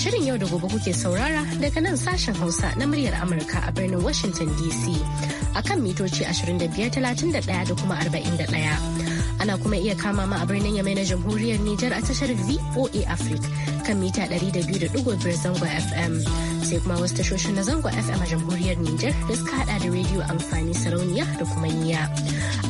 Shirin yau da gobe kuke saurara daga nan sashen Hausa na muryar Amurka a birnin Washington DC kan mitoci 2531 da kuma 41. Ana kuma iya kama ma a birnin Yamai na Jamhuriyar Nijar a tashar VOA Africa kan mita 200.5 zango FM. Sai kuma wasu tashoshin na zango FM a Jamhuriyar Nijar da suka hada da rediyo amfani sarauniya da kuma niya.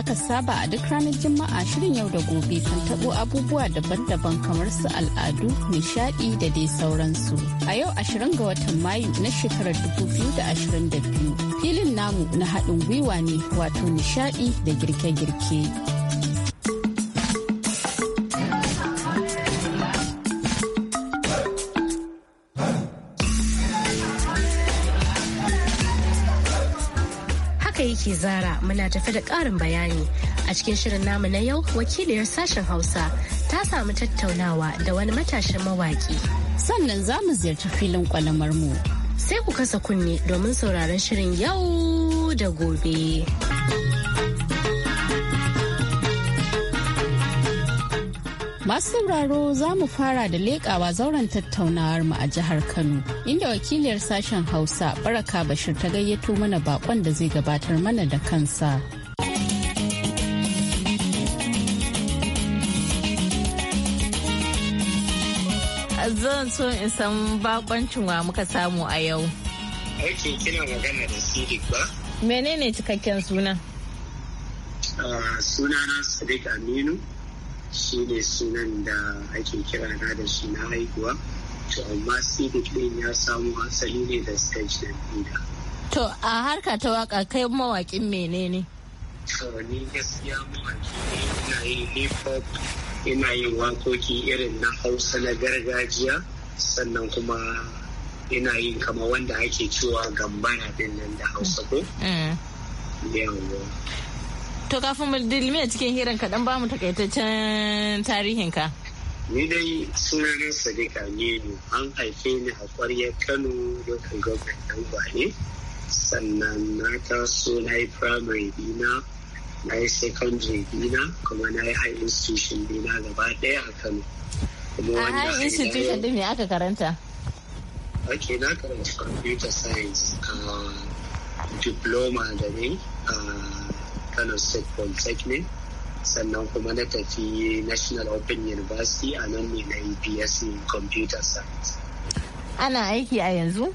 aka saba a duk ranar Juma'a shirin yau da gobe kan tabo abubuwa daban-daban kamar su al'adu, nishaɗi da dai sauransu. A yau ashirin ga watan Mayu na shekarar da 2022 filin namu na haɗin gwiwa ne wato nishaɗi da girke-girke. aiki zara muna tafi da ƙarin bayani a cikin shirin namu na yau wakiliyar sashen hausa ta samu tattaunawa da wani matashin mawaƙi sannan za mu ziyarci filin kwalamar mu sai ku kasa kunne domin sauraron shirin yau da gobe. Masu sauraro za mu fara da leƙawa zauren tattaunawar mu a jihar Kano, inda wakiliyar sashen Hausa Baraka Bashir ta gayyato mana bakon da zai gabatar mana da kansa. Zan so in san bakoncin wa muka samu a yau. Aikin kina magana da Sidik ba? Menene cikakken suna? Ah, sunana Sadiq Aminu. shi ne sunan da ake kira na da shi na haihuwa to amma da din ya samu asali ne da stage na nida to a harka ta waka kai mawakin menene to ni gaskiya mawaki ne ina yin hip hop ina yin wakoki irin na hausa na gargajiya sannan kuma ina yin kama wanda ake cewa gambara din nan da hausa ko mm. To kafin mu dilmi a cikin hirar ka dan bamu takaitaccen tarihin ka. Ni dai sunana Sadiq Aminu an haife ni a ƙwaryar Kano local government ɗan Gwale. Sannan na taso na yi primary dina, na yi secondary dina, kuma na yi high institution dina gaba ɗaya a Kano. A high institution ɗin me aka karanta? ake na karanta computer science a ah, diploma da ne kano state polytechnic sannan kuma na tafi national open university a nan ne na in computer science ana aiki a yanzu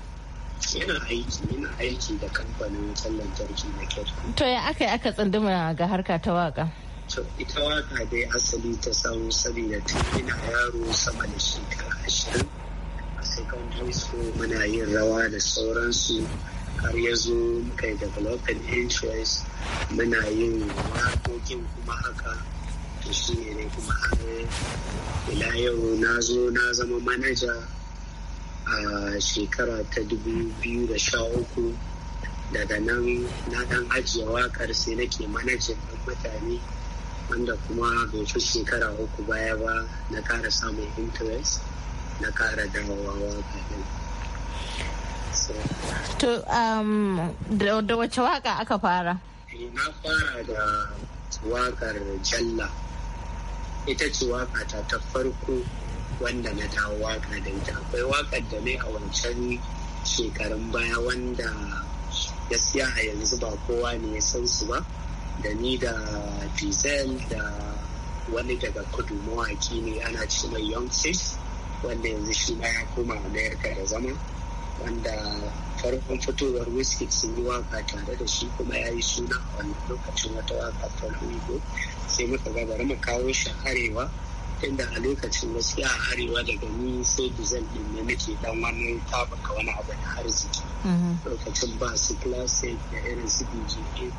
yana aiki yana aiki da kamfanin wutan lantarki na ketku to ya aka yi aka tsunduma ga harka ta waka to ita waka dai asali ta samu saboda tun ina yaro sama da shekara ashirin a secondary school muna yin rawa da sauransu har ya zo muka yi developing interest muna yin waƙoƙin kuma haka to shi ne dai kuma har ila yau na zo na zama manaja a shekara ta 2013 daga nan na dan ajiye wakar sai nake manajin ɗan mutane wanda kuma bai shekara uku baya ba na ƙara samun interest na ƙara dawowa waka To, um, da wace waka aka fara? Na fara da wakar Jalla. Ita ce waka ta ta farko wanda na ta waka da ita. Akwai wakar da ne a wancan shekarun baya wanda gaskiya a yanzu ba kowa ne ya san su ba. Da ni da dizel da wani daga kudu mawaki ne ana ce mai Young wanda yanzu shi ma ya koma Amerika da zama. wanda farkon fitowar wizkid sun yi waka tare da shi kuma ya yi suna a wani lokacin wata waka ta wigo sai muka ga bari mu kawo shi arewa inda a lokacin gaskiya a arewa daga ni sai dizel din ne nake dan wani tabaka wani abu da arziki mm-hmm. lokacin ba su classic da irin su djab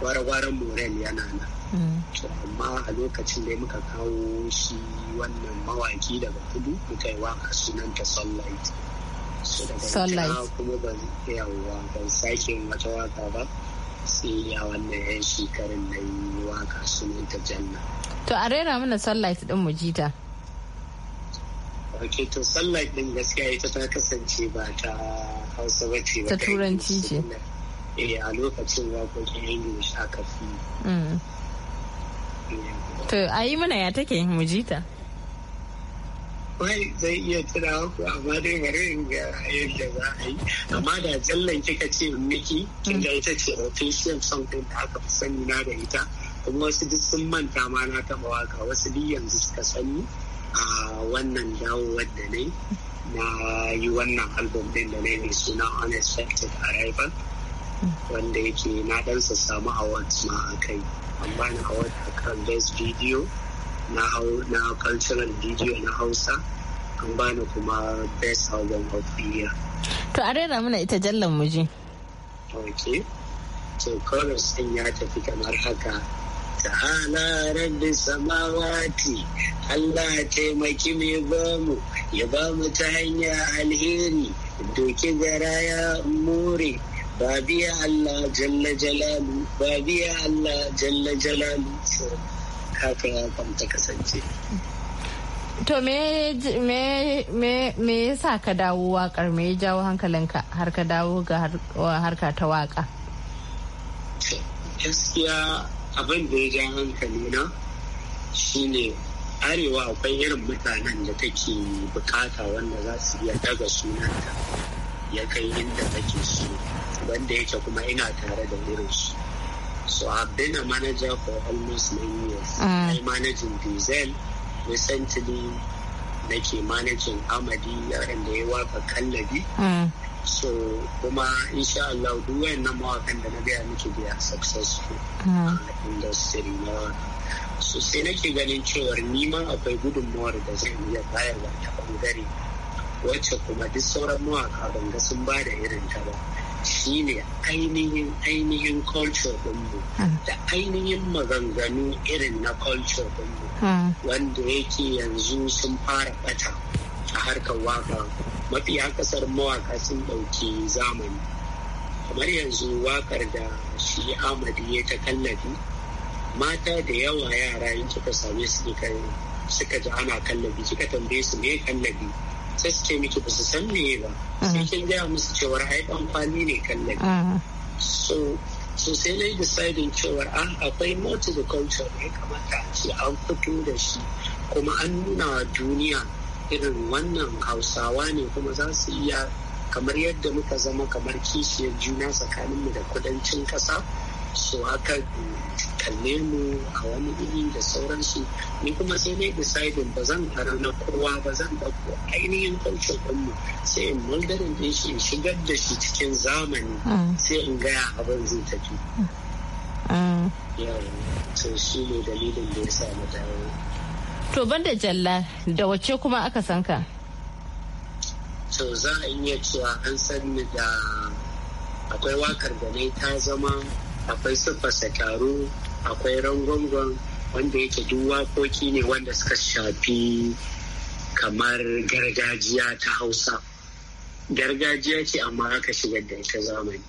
gwara-gwaran morel yana nan mm-hmm. amma a lokacin da muka kawo shi wannan mawaki daga kudu muka yi waka sunanta sunlight sunlight kuma ban yawa ban sake wata waka ba sai a wannan yan shekarun na yi waka ta janna to a rera mana sunlight din mu jita ok to sunlight din gaskiya ita ta kasance ba ta hausa ba ce ta turanci ce eh a lokacin waƙoƙin english aka fi mm. eh, to a yi mana ya take mu jita akwai zai iya tuna ku amma dai bari in ga yadda za a yi amma da tsallan kika ce miki tunda mm. ita ce official something da aka fi sani na da ita kuma wasu duk sun manta ma na taba waka wasu duk yanzu suka sani a wannan dawo da ne na yi wannan album din da ne mai suna unexpected arrival wanda yake na dan samu awards ma a kai amma na awards a kan best video na hau na cultural video na hausa an bani kuma best album of the year to a rera mana ita jallan muji ok to chorus din ya tafi kamar haka ta'ala rabbi samawati Allah taimaki mai bamu ya bamu ta hanya alheri doki gara ya more babiya Allah jalla jalalu babiya Allah jalla jalalu kafin hakan ta kasance to me me me yasa ka dawo wakar me ya jawo hankalinka har ka dawo ga harka ta waka gaskiya abin da ya ja hankali na shine arewa akwai irin mutanen da take bukata wanda za su iya daga sunanta ya kai inda take so wanda yake kuma ina tare da irin su So I've been a manager for almost nine years. Mm. I manage in Diesel. Recently, nake managing Amadi yaran da ya waka kallabi. Ah. So kuma insha Allah duk wayannan mawakan da na gaya miki biya successful ah. a industry na waka. So sai nake ganin cewar nima akwai gudunmawar da zan iya bayarwa ta bangare wacce kuma duk sauran mawaka ban ga sun ba da irin ta ba. shi ne ainihin ainihin culture dinmu hmm. da ainihin maganganu irin na culture dinmu hmm. wanda yake yanzu sun fara ɓata a harkar waka mafi kasar mawaka sun ɗauki zamani kamar yanzu wakar da shi amadi ya ta kallafi mata da yawa yara in kika same su suka ji ana kallafi kika tambaye su ne kallafi sai su ce miki ba su san me ba sai kin gaya musu cewar ai dan kwali ne kallon so so sai na yi deciding cewar an ah, akwai multiple culture ya kamata a ce an fito da shi kuma an nuna wa duniya irin wannan hausawa ne kuma za su iya kamar yadda muka zama kamar kishiyar juna tsakaninmu da kudancin kasa. su haka kalle mu a wani iri da sauransu ni kuma sai na decidin ba zan fara na kowa ba zan dauko ainihin kwanci ɗinmu sai in muldarin ɗin shi in shigar da shi cikin zamani mm. sai in gaya abin zai tafi mm. yawon shi ne dalilin da ya sa na dawo to banda jalla da wace kuma aka san ka to za a iya cewa an san da akwai wakar da ne ta zama akwai siffarsa taro akwai rangwangon wanda yake duk waƙoƙi ne wanda suka shafi kamar gargajiya ta hausa gargajiya ce amma aka shigar da ita zamani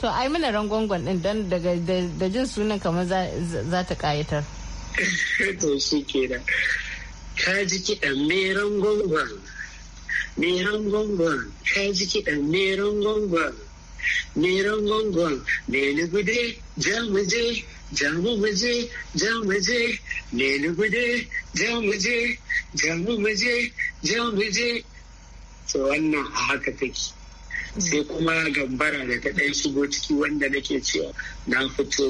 to ai mana rangwangon din don da jin sunan kamar za ta kayatar to shi ke da ka ji kiɗan me rangwangon me rangwangon ka ji kiɗan me rangwangon neran gongon meni gude jan muje jamu muje jan muje meni gude jan muje jamu muje jan muje to wannan a haka take sai kuma gambara da ta ɗan shigo ciki wanda nake cewa na fito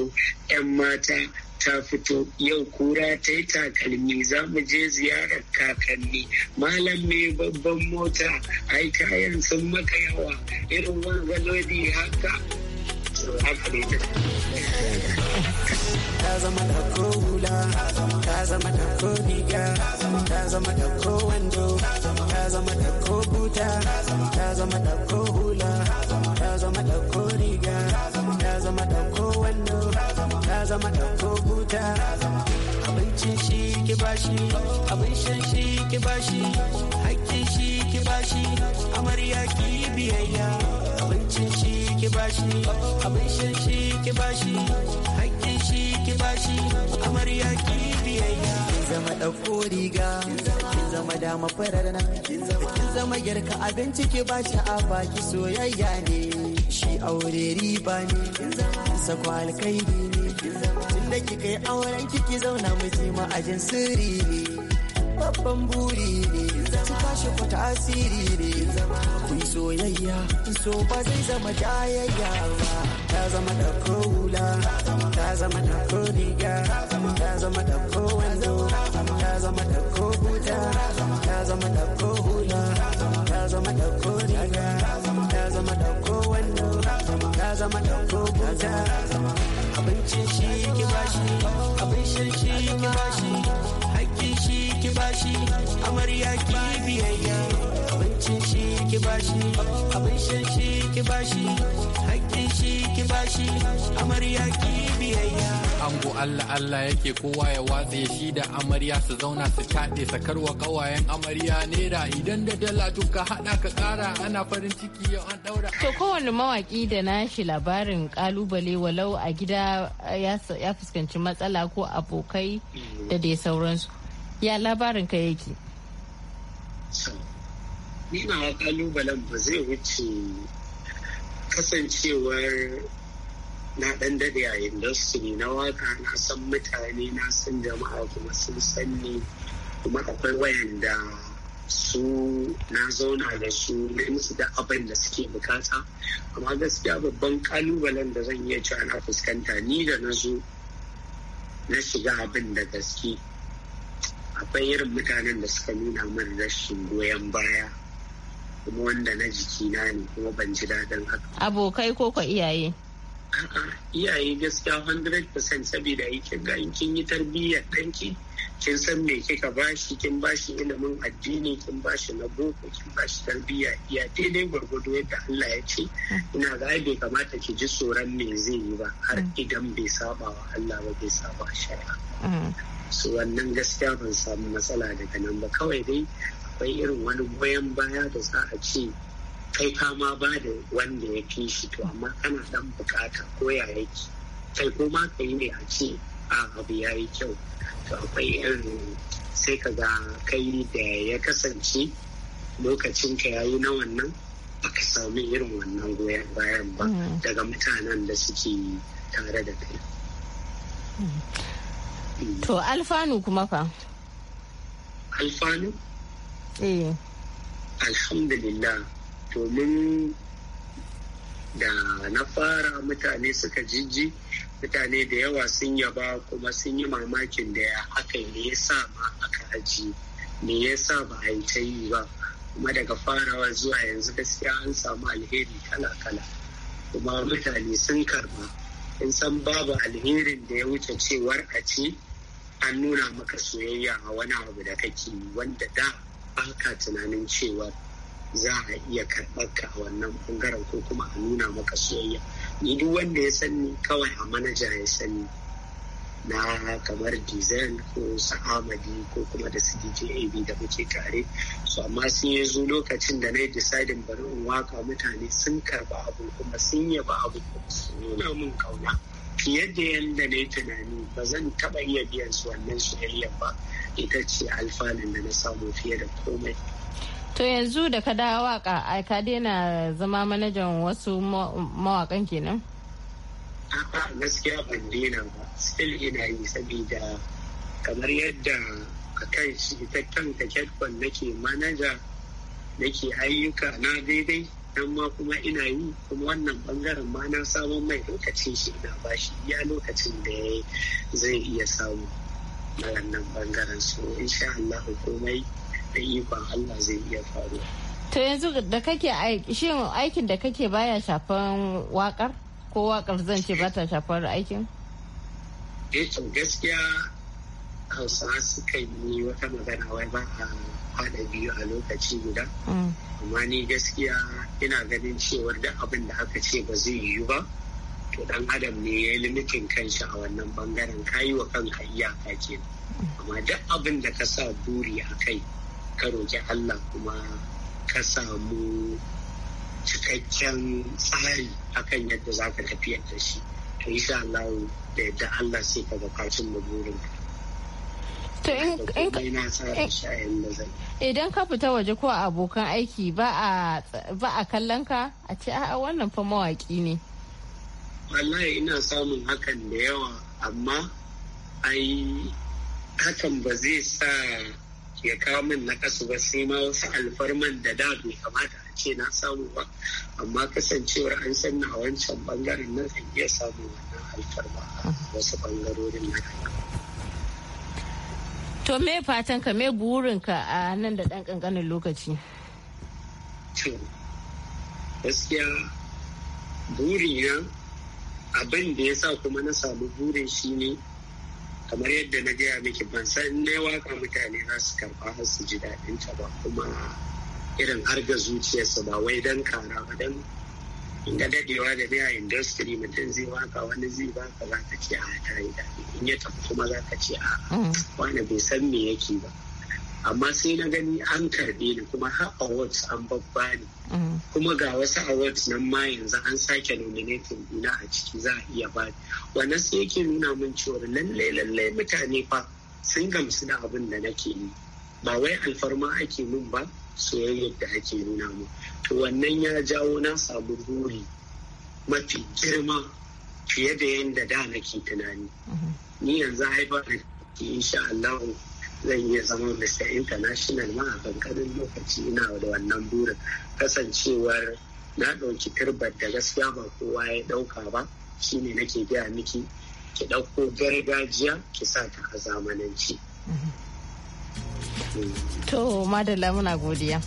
'yan mata ta fito yau kura ta yi takalmi za mu je ziyarar kakanni malam mai babban mota ai kayan sun maka yawa irin wanzalodi haka ta zama da hula ta zama da ko riga ta zama da wando ta zama da buta ta zama da hula ta zama da riga ta zama da wando zama ɗauko buta abincin shi ki bashi abincin shi ki bashi hakkin shi ki bashi amarya ki biyayya abincin shi ki bashi abin shi ki bashi hakkin shi ki bashi amarya ki biyayya kin zama ɗauko riga kin zama dama farar nan kin zama girka abinci ki bashi a baki soyayya ne shi aure riba ne sako alkaidi ki kai auren kiki zauna miji ma ajin sirri ne babban buri ne ki kwashe ku tasiri ne ku yi soyayya so ba zai zama jayayya ba ta zama da kowula ta zama da koriga ta zama da kowando ta zama da kobuta ta zama da kowula ta zama da koriga ta zama da kowando ta zama da kobuta abincin shi ki bashi abin shan shi ki bashi shi ki bashi amarya ki biyayya abincin shi ki bashi abin shi ki bashi hakkin shi ki bashi amarya ki biyayya ango Allah Allah yake kowa ya watse shi da amarya su zauna su taɗe sakarwa kawayen amarya naira idan da dala duka haɗa ka ƙara ana farin ciki yau an daura To kowane mawaƙi da nashi labarin ƙalubale walau a gida ya fuskanci matsala ko abokai da dai sauransu. ya labarin ka yake ni na kalubalen ba zai wuce kasancewar na dan dade a industry na waka na san mutane na san jama'a kuma sun san ni kuma akwai wayanda su na zauna da su na musu da abin da suke bukata amma gaskiya babban kalubalen da zan iya cewa na fuskanta ni da na zo na shiga abin da gaske akwai irin mutanen da suka nuna min rashin goyon baya kuma wanda na jiki na ne kuma ban ji daɗin haka. Abokai ko ka iyaye? A'a iyaye gaskiya 100% saboda kin ga in kin yi tarbiyyar ɗanki kin san me kika bashi kin bashi ilimin addini kin bashi na boko kin bashi tarbiyya iya daidai gwargwado yadda Allah ya ce ina ga bai kamata ki ji tsoron me zai yi ba har mm. idan bai saba wa Allah ba bai saba shari'a. Mm. su wannan gaskiya ban samu matsala daga nan ba kawai dai akwai irin wani goyon baya da za a ce kai kama ba da wanda ya fi shi to amma kana dan bukata ko ya yake kai ko ma ka ne a ce a abu ya yi kyau to akwai irin sai ka ga kai da ya kasance lokacin ka yayi na wannan ka sami irin wannan goyon bayan ba mm. daga mutanen da suke tare da kai mm. To alfanu kuma fa? Alfanu? Eh. Alhamdulillah. To mun da na fara mutane suka jijji mutane da yawa sun yaba kuma sun yi mamakin da haka ne ya sa ma aka aji me ya sa ba a yi ta yi ba kuma daga farawa zuwa yanzu gaskiya an samu alheri kala-kala kuma mutane sun karba in san babu alherin da ya wuce cewar a ci an nuna maka soyayya a wani abu da kake wanda da baka tunanin cewa za a iya karɓar ka a wannan bangaren ko kuma a nuna maka soyayya ni duk wanda ya sanni kawai a manaja ya sani na kamar dizel ko su ko kuma da su ab da muke tare su amma sun yi zo lokacin da na yi decidin bari in waka mutane sun karba abu kuma sun yaba abu kuma sun nuna min kauna fiye da yadda na yi tunani ba zan taɓa iya biyan su wannan soyayyar ba ita ce alfanun da na samu fiye da komai to yanzu da ka dawo waka ai ka daina zama manajan wasu mawakan kenan a'a gaskiya ban daina ba still ina yi saboda kamar yadda a kan shi ita na nake manaja nake ayyuka na daidai dan ma kuma ina yi kuma wannan bangaren ma na samu mai lokacin shi ina bashi iya lokacin da ya zai iya samu na wannan bangaren so insha Allah komai da ikon Allah zai iya faruwa. To yanzu da kake shin aikin da kake baya shafan wakar ko wakar zan ce ba ta shafar aikin? Eh to gaskiya hausawa suka yi wata magana wai ba a haɗa biyu a lokaci guda mm. amma ni gaskiya ina ganin cewar da abin da aka ce ba zai yiwu ba to dan adam ne ya yi limitin kanshi a wannan bangaren ka yi wa kanka iyaka ke amma duk abin da ka sa buri a kai ka roƙi allah kuma ka samu cikakken tsari akan yadda za ka tafiyar da shi to insha Allah da yadda Allah sai ka ga kacin da ka. to idan ka fita waje ko abokan aiki ba a kallon ka a ce a wannan fa mawaki ne wallahi ina samun hakan da yawa amma ai hakan ba zai sa ya kawo min na kasu ba sai ma wasu alfarman da da bai kamata a ce na samu ba amma kasancewar an san ni a wancan bangaren na zai iya samun wannan alfarma wasu bangarorin na kan to me fatan ka me ka a nan da ɗan ƙanƙanin lokaci to gaskiya ya abin da ya sa kuma na samu burin shi ne kamar yadda na gaya miki ban san na waka mutane za su karɓa har su ji daɗin ta ba kuma irin harga zuciyarsa ba wai dan kara ba dan. In da dadewa da biya industry mutum zai waka wani zai baka za ka ce a ah, ta yi in ya tafi kuma za ka ce a ah, mm. wani bai san me yake ba amma sai na gani an karbe ni kuma har awards an babba ne mm. kuma ga wasu awards nan ma yanzu an sake nominating dina a ciki za a iya ba wannan sai yake nuna min cewa lalle lalle mutane fa sun gamsu da abin da nake yi ba wai alfarma ake min ba soyayyar da ake nuna mu to wannan ya jawo na samu buri mafi girma fiye da yadda da nake tunani ni yanzu haifar da insha Allah zan iya zama Mr. International ma a kankanin lokaci ina da wannan burin kasancewar na ɗauki turbar da gaskiya ba kowa ya ɗauka ba shine nake gaya miki ki ɗauko gargajiya ki sa ta a zamananci. To, madalla muna godiya.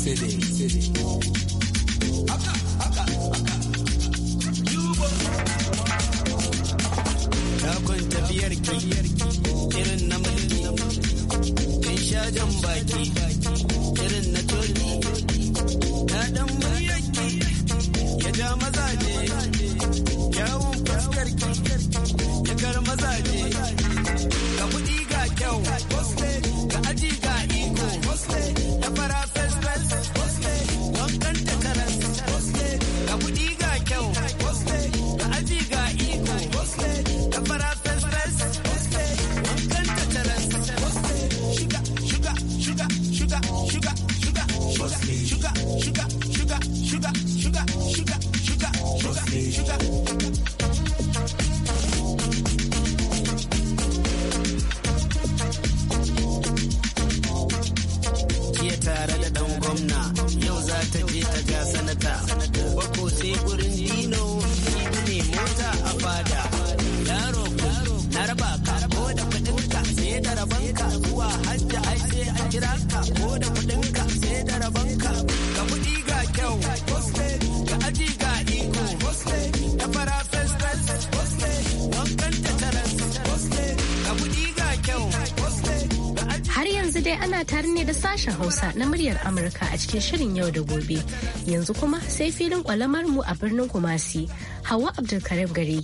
Sidi, sidi. tafiyar ki, irin na mulki, in sha jan baki, irin na turki, na dan muryar ya ja mazaje. kyawun fuskar ki ya garmaza dai ana tare ne da sashen Hausa na muryar Amurka a cikin shirin yau da gobe. Yanzu kuma sai filin kwalamar mu a birnin Kumasi, Hawa Abdulkarim gare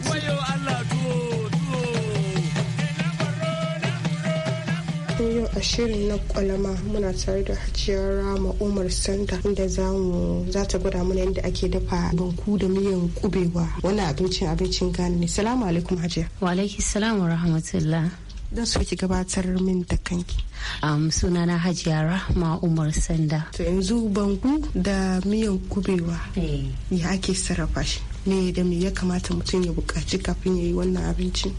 yau a shirin na kwalama muna tare da hajiyar rama umar sanda inda za mu za ta gwada mana yadda ake dafa banku da miyan kubewa wannan abincin abincin gani ne salamu alaikum hajiya wa alaikis salam rahmatullah don su ki gabatar min da kanki. Um, na Hajiya Rahma Umar Sanda. To yanzu bangu da miyan kubewa ya eh. ake sarrafa shi. Me da me ya kamata mutum ya buƙaci kafin ya yi wannan abincin?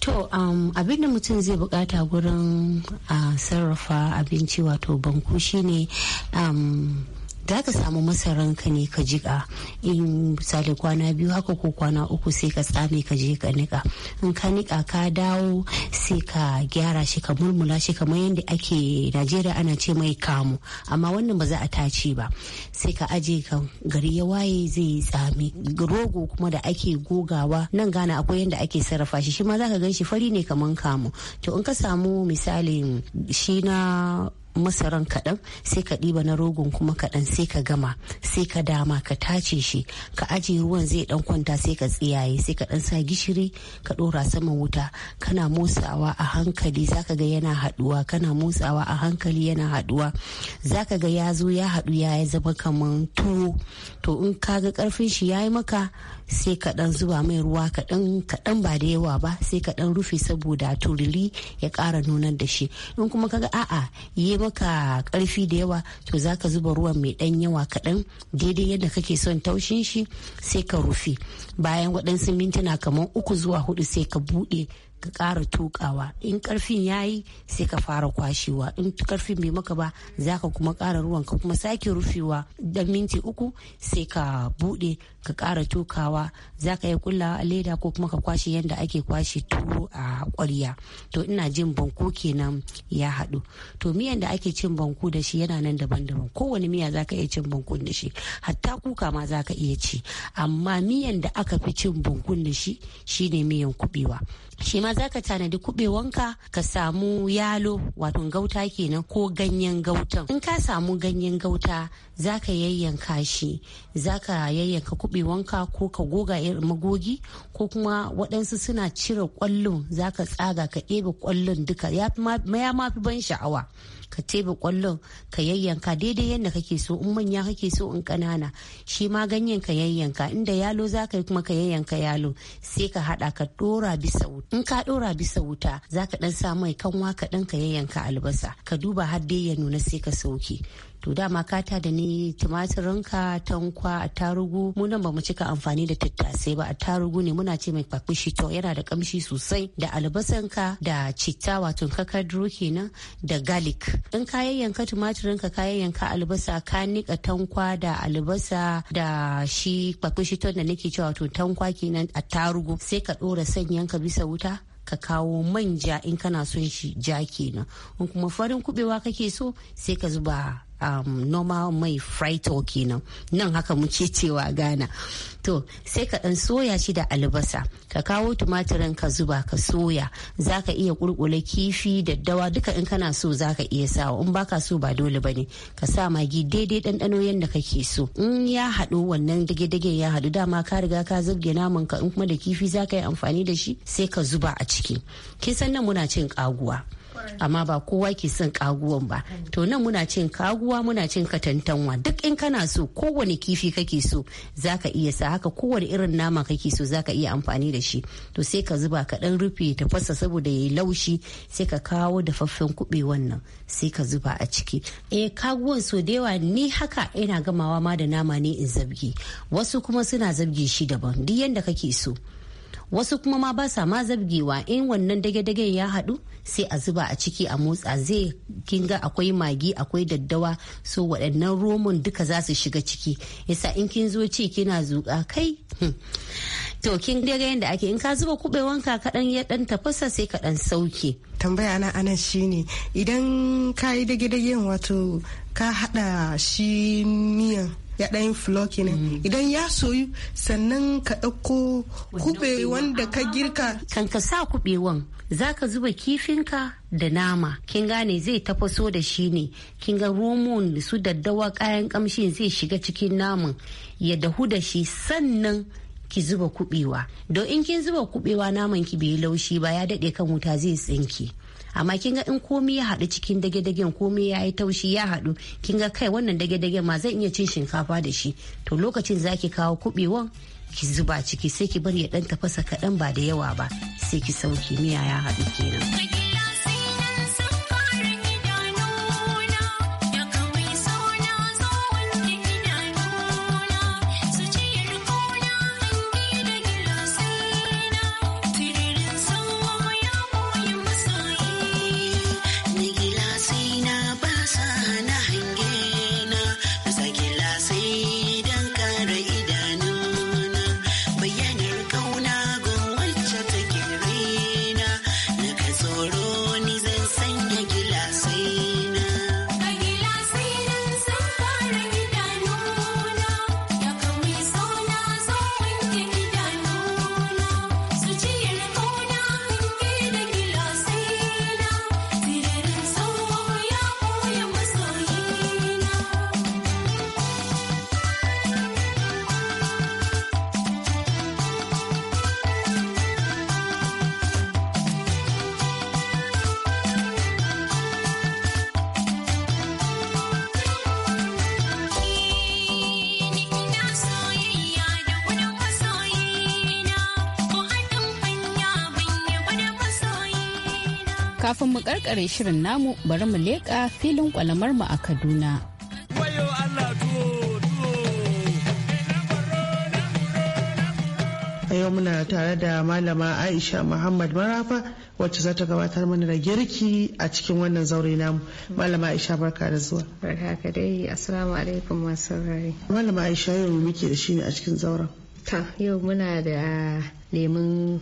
To um, abin da mutum zai buƙata gurin uh, sarrafa abinci wato banku shine um, za ka samu masaran ka ne ka jiƙa in misali kwana biyu haka ko kwana uku sai ka tsame ka je ka niƙa in ka niƙa ka dawo sai ka gyara shi ka mulmula shi kamar yadda ake najeriya ana ce mai kamu amma wannan ba za a tace ba sai ka aje ka gari ya waye zai tsame rogo kuma da ake gogawa nan gana akwai yadda ake sarrafa shi shi ma za ka gan shi fari ne kamar kamu to in ka samu misalin shi na masaran kaɗan sai ka ɗiba na rogon kuma kaɗan sai ka gama sai ka dama ka tace shi ka ajiye ruwan zai ɗan kwanta sai ka tsiyaye sai ka ɗan sa gishiri ka ɗora saman wuta kana motsawa a hankali zaka ga yana haɗuwa kana motsawa a hankali yana haɗuwa zaka ga ya zo ya haɗu ya zama kaman tuwo to in ka ga ƙarfin shi ya yi maka sai ka dan zuba mai ruwa kaɗan kaɗan ba da yawa ba sai ka dan rufe saboda turuli ya ƙara nunar da shi in kuma kaga a'a yi maka karfi da yawa to za ka zuba ruwan mai ɗan yawa kaɗan daidai yadda kake son taushin shi sai ka rufe bayan waɗansu mintuna kamar uku zuwa hudu sai ka buɗe ka ƙara tukawa in ƙarfin ya yi sai ka fara kwashewa in karfin bai maka ba za ka kuma ƙara ruwan ka kuma sake rufewa dan minti uku sai ka buɗe ka ƙara tokawa za ka iya kullawa a leda ko kuma ka kwashe yadda ake kwashe tuwo a ƙwarya to ina jin banku kenan ya haɗu to miyan da ake cin banku da shi yana nan daban-daban kowane miya za ka iya cin bankun da shi hatta kuka ma za ka iya ci amma miyan da aka fi cin banku da shi shine miyan kuɓewa shi ma za ka tanadi kuɓewanka ka samu yalo wato gauta kenan ko ganyen gautan in ka samu ganyen gauta za ka yayyanka shi za ka yayyanka bi wanka ko ka goga magogi ko kuma waɗansu suna cire kwallon za ka tsaga ka ɗebe kwallon duka ya ma fi ban sha'awa ka tebe kwallon ka yayyanka daidai yadda kake so in manya kake so in ƙanana shi ma ganyen ka yayyanka inda yalo za ka yi kuma ka yayyanka yalo sai ka hada ka dora bisa wuta in ka dora bisa wuta za ka dan sa mai kanwa ka dan ka yayyanka albasa ka duba har dai ya nuna sai ka sauke to dama kata da ni tumatirinka tankwa a tarugu mu nan bamu cika amfani da tattasai ba a tarugu ne muna ce mai kwakushi to yana da kamshi sosai da ka da citta wato kakaduro kenan da garlic in ka yayyanka tumatirinka ka yayyanka albasa ka nika tankwa da albasa da shi kwakushi to da nake cewa wato tankwa kenan a tarugu sai ka dora sanyanka bisa wuta ka kawo manja in kana son shi ja kenan kuma farin kubewa kake so sai ka zuba um, normal mai fraito kenan nan haka muke cewa ghana to sai ka dan soya shi da albasa ka kawo tumatirin ka zuba ka soya za ka iya kurkula kifi da dawa duka in kana so za ka iya sawa in baka so ba dole ba ne ka sa magi daidai ɗanɗano yadda kake so in ya haɗu wannan dage-dage ya haɗu dama ka riga ka zubge naman ka in kuma da kifi za ka yi amfani da shi sai ka zuba a ciki kin san nan muna cin kaguwa amma ba kowa ke son kaguwan ba to nan muna cin kaguwa muna cin katantanwa duk in kana so kowane kifi kake so zaka iya sa haka kowane irin nama kake so zaka iya amfani da shi to sai ka zuba ka dan rufe ta fasa saboda yayi laushi sai ka kawo dafaffen kube wannan sai ka zuba a ciki eh kaguwan so da yawa ni haka ina gamawa ma da nama ne in zabge wasu kuma suna zabge shi daban duk yanda kake so wasu kuma ma ba sa ma zabgewa in wannan dage dagen ya haɗu sai a zuba a ciki a motsa zai ga akwai magi akwai daddawa so waɗannan roman duka za su shiga ciki yasa in kin zo ci kina zuƙa kai hmm. to kin daga yadda ake in ka zuba wanka kaɗan ya ɗan tafasa sai ka sauke tambaya na anan shine idan ka yi dage-dagen wato ka haɗa shi miyan ya ɗan flo ne mm. idan ya soyu sannan ka ɗauko kube wanda ka girka kan ka sa kubewan za ka zuba kifinka da nama kin gane zai tafaso da shi ne kin ga romon su daddawa kayan kamshin zai shiga cikin naman ya dahu da shi sannan ki zuba kubewa don in kin zuba kubewa naman ki bai laushi ba ya daɗe kan wuta zai tsinki amma kin ga in komai ya haɗu cikin dage-dagen komai ya yi taushi ya haɗu kin ga kai wannan dage-dagen ma zan iya cin shinkafa da shi to lokacin zaki kawo kuɓewan ki zuba ciki sai ki bari ya ɗan tafasa kaɗan ba da yawa ba sai ki sauki miya ya haɗu kenan. Kafin mu karkare shirin namu bari mu leƙa filin kwalamar mu a Kaduna. A yau muna tare da malama Aisha Muhammad Marafa wacce za ta gabatar mana da girki a cikin wannan zaure namu. Malama Aisha barka da zuwa. Barka ka dai, Assalamu alaikum masu rari. Malama Aisha yau muke da shi ne a cikin zauren. Ta yau muna da lemun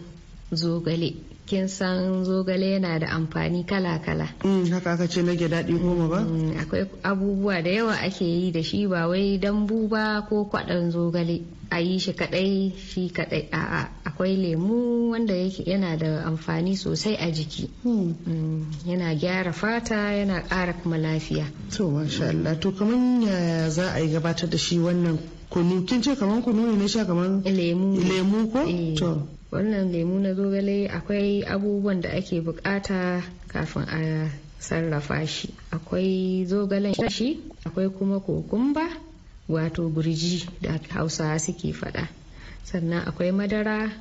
zogale. kin san zogale yana da amfani kala-kala. Mm, haka aka ce nage daɗi goma ba? Mm, akwai abubuwa da yawa ake yi da shi ba wai dambu ba ko kwaɗon zogale a yi shi kaɗai shi kaɗai a'a akwai lemu wanda yana da amfani sosai a jiki mm. yana gyara fata yana ƙara kuma lafiya. to masha Allah to kamar yaya za a yi gabatar da shi wannan kunu kin ce kamar kunu ne sha kamar lemu ko eh. to wannan lemu na zogale akwai abubuwan da ake bukata kafin a sarrafa shi akwai zogalen shi akwai kuma kokumba wato gurji da hausa suke faɗa sannan akwai madara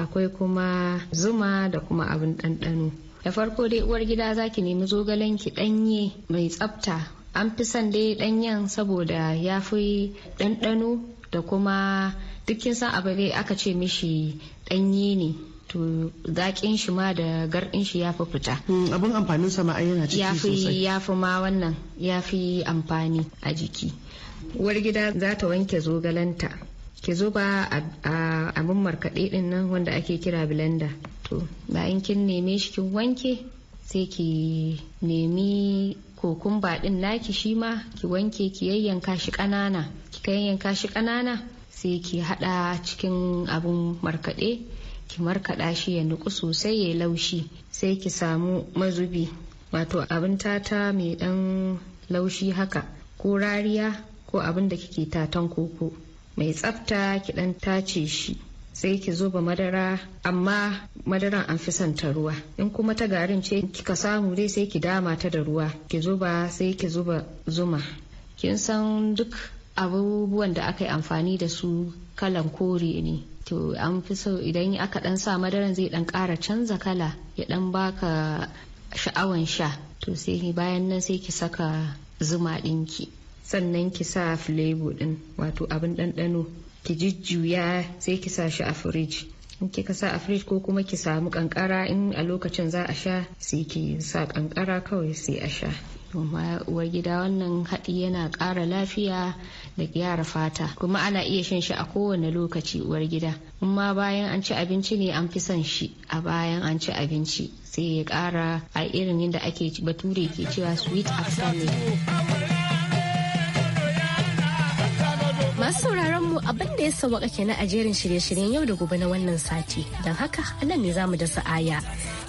akwai kuma zuma da kuma abin ɗanɗano da farko dai uwar gida za ki nemi zogalen ki ɗanye mai tsabta an fi son dai ɗanyen saboda ya fi ɗanɗano da kuma duk kin san abu ne aka ce mishi ɗanye ne to zaƙin shi ma da garɗin shi ya fi fita. Hmm, abin amfanin sa ma yana ciki sosai. Ya fi ma wannan ya fi amfani a jiki. Uwar gida za ta wanke zogalanta. Ki zuba a abin markaɗe ɗin nan wanda ake kira blender. To bayan kin neme shi kin wanke sai ki nemi kokumba ɗin naki shi ma ki wanke ki yayyanka shi ƙanana. Ki yayyanka shi ƙanana sai ki hada cikin abun markade ki markada shi ya nuku sosai ya laushi sai ki samu mazubi wato abin tata mai dan laushi haka ko rariya ko abin da kike tatan koko mai tsafta ki dan tace shi sai ki zuba madara amma madaran an fi son ta ruwa in kuma ta garin ce kika samu dai sai ki dama ta da ruwa ki zuba sai ki zuba zuma kin san duk abubuwan da aka yi amfani da su kalan kore ne to an fi so idan aka dan sa madaran zai dan kara canza kala ya dan baka sha'awan sha to sai bayan nan sai ki saka zuma dinki sannan ki sa flavor din wato abin dandano ki jujjuya sai ki sa shi a firij in kika sa a firij ko kuma ki samu kankara in a lokacin za a sha sai ki sa kankara kawai sai a sha Mama uwar gida wannan haɗi yana ƙara lafiya da gyara fata kuma ana iya shan shi a kowane lokaci uwar gida. ma bayan an ci abinci ne an fi son shi a bayan an ci abinci sai ya ƙara a irin yadda ake bature ke cewa sweet afternoon. Masu sauraron mu abin da ya sauwaka ke na ajerin shirye-shiryen yau da gobe na wannan sati. Don haka anan ne zamu dasa aya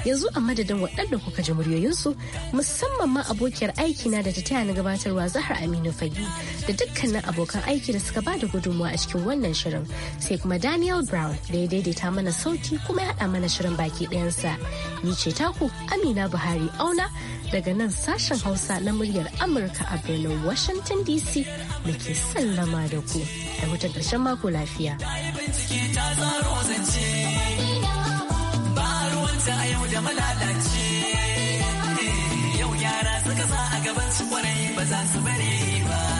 Yanzu a madadin waɗanda kuka ji muryoyinsu musamman ma abokiyar aiki na da ta taya ni gabatarwa Zahar Aminu Fagi da dukkanin abokan aiki da suka bada gudunmawa a cikin wannan shirin. Sai kuma Daniel Brown da ya daidaita mana sauti kuma ya haɗa mana shirin baki ɗayansa. Ni ce taku Amina Buhari auna daga nan sashen Hausa na muryar Amurka a birnin Washington DC da ke sallama da ku. A hutun ƙarshen mako lafiya. Yau yara suka sa a gaban su kwarai ba za su bare ba.